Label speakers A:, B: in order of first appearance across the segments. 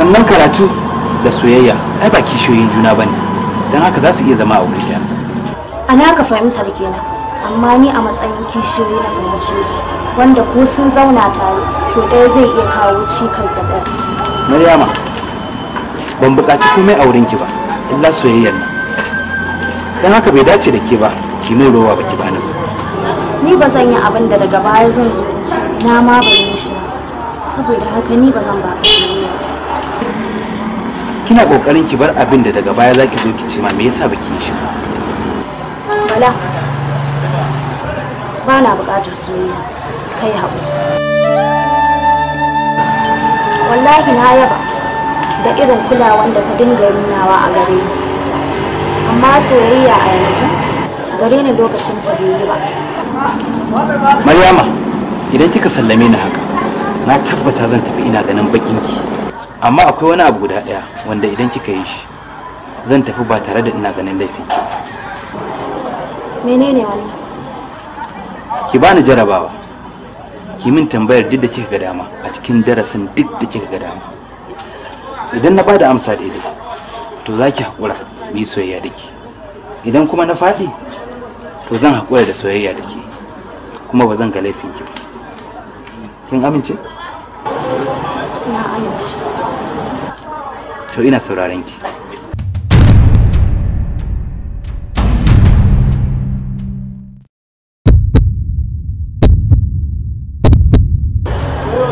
A: sannan karatu da soyayya ai ba kishiyoyin juna bane don haka za su iya zama a wuri ɗaya
B: a ka fahimtar kenan amma ni a matsayin kishiyoyi na fahimci su wanda ko sun zauna tare to ɗaya zai iya kawo cikas da ɗaya
A: maryama ban buƙaci komai a ki ba illa soyayyar nan don haka bai dace da ke ba ki min rowa ba ki bani ba
B: ni ba zan yi abin da daga baya zan zo ci na ma ban yi shi ba saboda haka ni ba zan ba
A: kina kokarin ki bar abin da daga baya zaki zo ki ce ma me yasa baki yi shi ba
B: bala ba na bukatar soyayya kai haƙu wallahi na yaba da irin kulawan da ka dinga nunawa a gare ni amma soyayya a yanzu gare ni lokacin ta bai yi ba
A: maryama idan kika sallame ni haka na tabbata zan tafi ina ganin ki, amma akwai wani abu guda ɗaya wanda idan kika yi shi zan tafi ba tare da ina ganin laifin ki
B: menene wannan
A: ki bani jarabawa ki min tambayar duk da kika ga dama a cikin darasin duk da kika ga dama idan na bada amsa daidai to za ki haƙura mu yi soyayya da ke idan kuma na faɗi to zan haƙura da soyayya da ke kuma ba zan ga laifin ki ba kin amince na amince to ina sauraron ki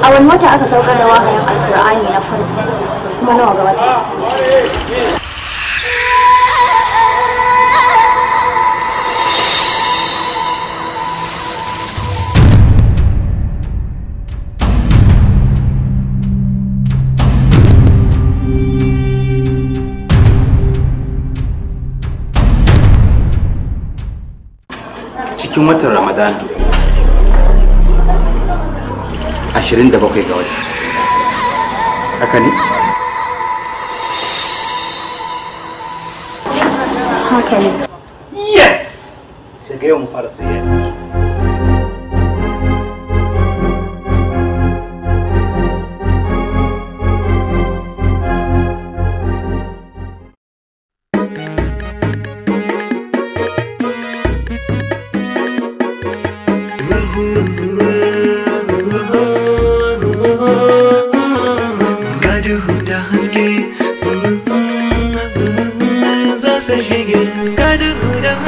B: a wani mota aka saukar da wahayin alkur'ani na farko kuma nawa gabata.
A: cikin watan ramadan 27 ga wata haka ne? haka ne yes daga yau mu fara soyayya Dum da dum dum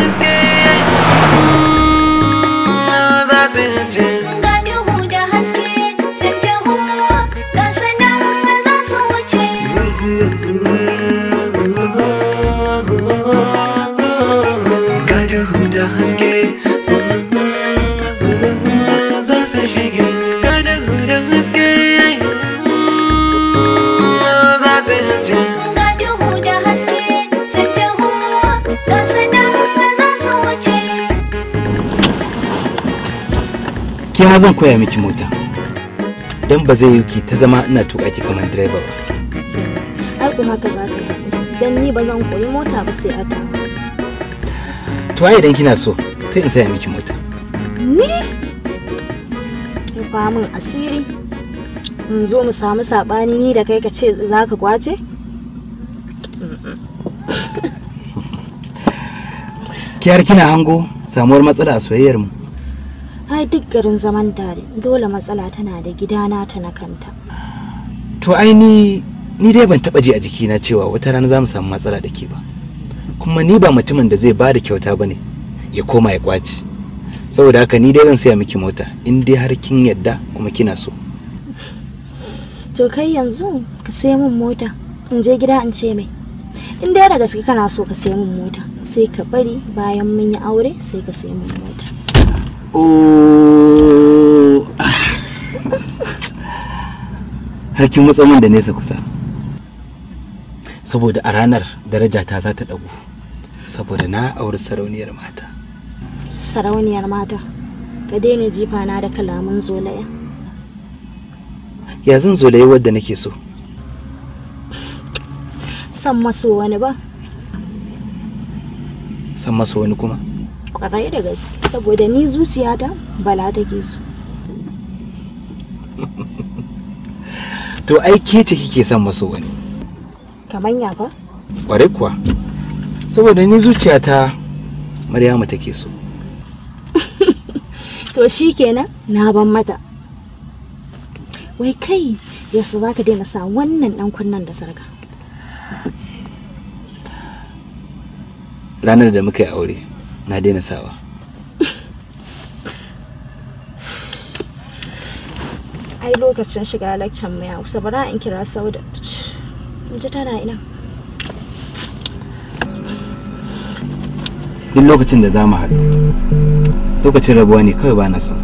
A: ke ma zan koya miki mota don ba zai yi ta zama ina tuka ki kamar direba ba
B: ai kuma ka za ka yi don ni ba zan koyi mota ba sai a ta
A: to ai idan kina so sai in saya miki mota
B: ni ba mun asiri in zo mu samu sabani ni da kai ka ce za ka kwace
A: kiyar kina hango samuwar matsala a soyayyar mu
B: ai duk garin zaman tare dole matsala tana da gidana ta na kanta
A: to ai ni ni dai ban taba ji a jikina cewa wata rana za mu samu matsala da ke ba kuma ni ba mutumin da zai bada kyauta bane ya koma ya kwaci saboda haka ni dai zan saya miki mota in dai har kin yadda kuma kina so
B: to kai yanzu ka sai min mota in je gida in ce mai in dai da gaske kana so ka sai mun mota sai ka bari bayan mun yi aure sai ka sai min mota
A: oh harkin min da nesa kusa saboda a ranar daraja ta za ta ɗagu saboda na auri sarauniyar mata
B: sarauniyar mata ka daina jifa na da kalaman zolaya
A: ya zan zolaye wadda nake so
B: san maso wani ba
A: san maso wani kuma
B: kwarai da gaske saboda ni zuciya ta bala take so
A: to ai ke ce kike son maso wani
B: kaman ya ba
A: kwarai kuwa saboda ni zuciya ta maryama take so
B: to shi kenan na ban mata wai kai yaushe za ka daina sa wannan dan kunnen da sarga
A: ranar da muka yi aure na daina sawa
B: ai lokacin shiga lakcan mai hausa na in kira saudat ji tana ina
A: duk lokacin da za mu haɗu lokacin rabuwa ne kawai ba na so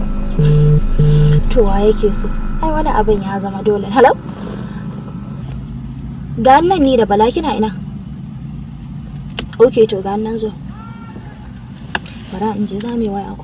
B: to wa yake so ai wani abin ya zama dole hello ga nan ni da bala kina ina ok to ga nan zo 把它，你知道没？我要。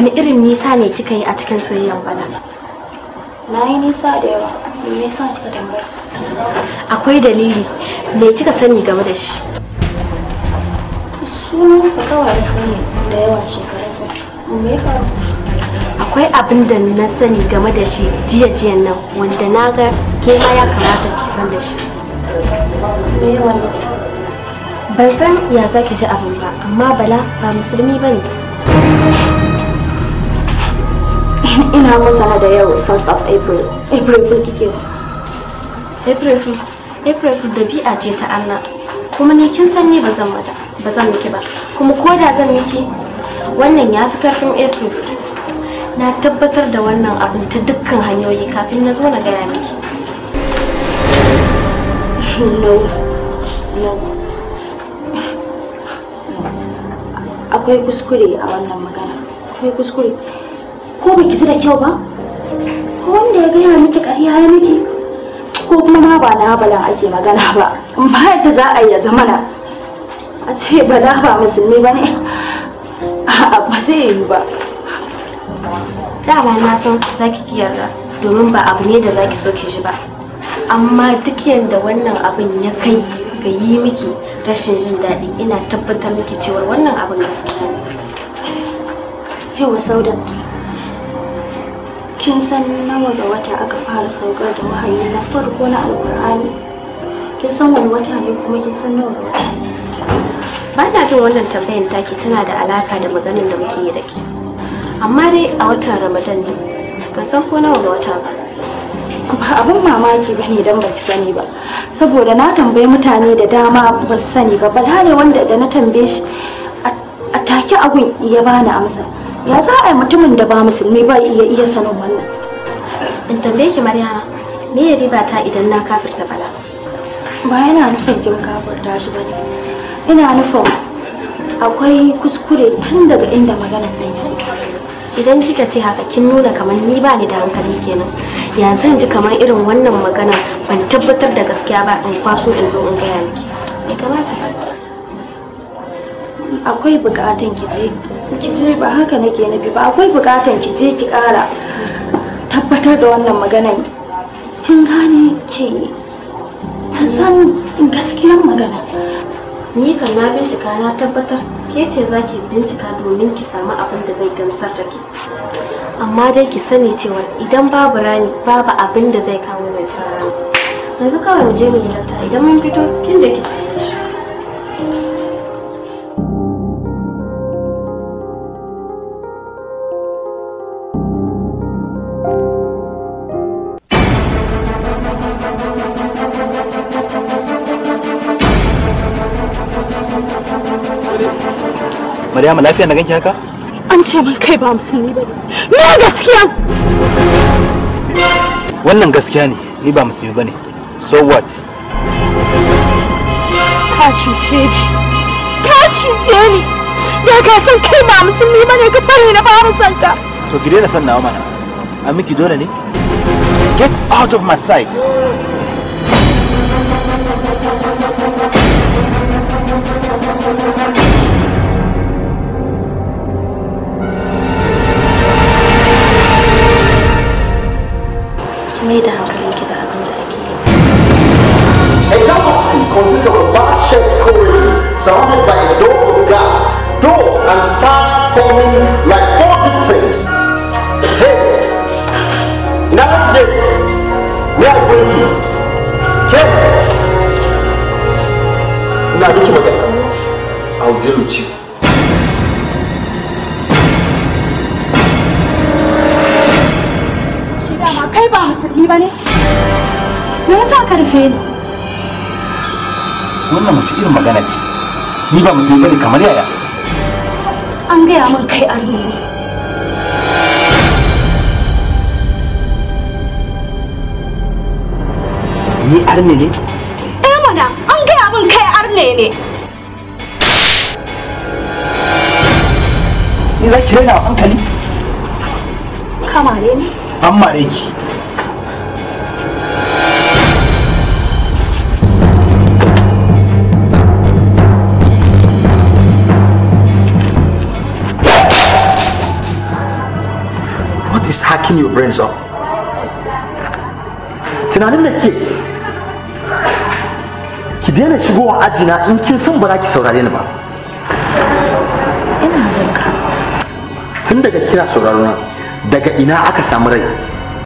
B: wani irin nisa ne kika yi a cikin soyayyar bana na yi nisa da yawa me yasa kika tambaya akwai dalili me kika sani game da shi sunansa kawai da sani da yawa shekarunsa me ya faru akwai abin da na sani game da shi jiya jiya nan wanda na ga ke ma ya kamata ki san da shi ban san ya zaki ji abin ba amma bala ba musulmi ba ne. ina masana da yau first of april april fool kike april fool april da dabi'a ce ta allah kuma ni kin san ni ba zan mata ba zan miki ba kuma ko da zan miki wannan ya fi karfin april na tabbatar da wannan abin ta dukkan hanyoyi kafin na zo na gaya miki no no akwai kuskure a wannan magana akwai kuskure ko baki ji da kyau ba ko wanda ya gaya miki ƙarya ya miki ko kuma ma ba na bala ake magana ba ba yadda za a yi ya zamana a ce bala ba musulmi ba ne a'a ba zai yi ba dama na san za ki kiyarra domin ba abu ne da za ki so ki ji ba amma duk yadda wannan abin ya kai ga yi miki rashin jin daɗi ina tabbatar miki cewa wannan abin gaskiya ne yau saudan kin san nawa ga wata aka fara saukar da wahayi na farko na alƙur'ani? kin san wani wata ne kuma kin san nawa ga wata ba na jin wannan tambayan taki tana da alaka da maganin da muke yi da ke amma dai a watan ramadan ne ban san ko nawa ga wata ba ba abin mamaki ba ne don ba ki sani ba saboda na tambayi mutane da dama ba su sani ba ba ne wanda da na tambaye shi a take abun ya bani amsa ya za a yi mutumin da ba musulmi ba iya iya sanin wannan in tambaye ki mari'ana. me ya riba ta idan na kafirta bala ba yana nufin kin kafirta shi bane ina nufin akwai kuskure tun daga inda maganar nan ya idan kika ce haka kin nuna kamar ni ba ni da hankali kenan ya zan ji kamar irin wannan magana ban tabbatar da gaskiya ba in kwaso in zo in gaya miki bai kamata ba akwai bukatan ki je ki je ba haka nake nufi ba akwai bukatan kije ki kara tabbatar da wannan maganan kin gane ke ta san gaskiyar magana ni kan na bincika na tabbatar ke ce za ki bincika domin ki samu abin da zai gamsar da ke amma dai ki sani cewa idan babu rani babu abin da zai kawo wancan rani yanzu kawai mu je mu yi lafta idan mun fito kin je ki sani
A: Maryama lafiya na ganki haka?
B: An ce min kai ba musulmi ba
A: ne. gaskiya? Wannan gaskiya ne, ni ba musulmi ba ne. So what?
B: Ka cuce ni. Ka cuce ni. Da ka san kai ba musulmi ba ne ka fare na fara san ka.
A: To ki daina san nawa mana. Amiki dole ne? Get out of my sight. Now look at what I want. I'll deal with you.
B: Shi dama kai ba musulmi ba ne? Me yasa ka rufe ni?
A: Wannan mace irin magana ce. Ni ba musulmi bane kamar yaya.
B: An gaya min kai arne ne. Ni arne ne? eh
A: ni za ki raina hankali kamare ne an mare ki
B: What is hacking your brains
A: up? Tunanin da ke ki daina aji na in kin san ba za ki saurare ni ba ina jin tun daga kira sauraro na daga ina aka samu rai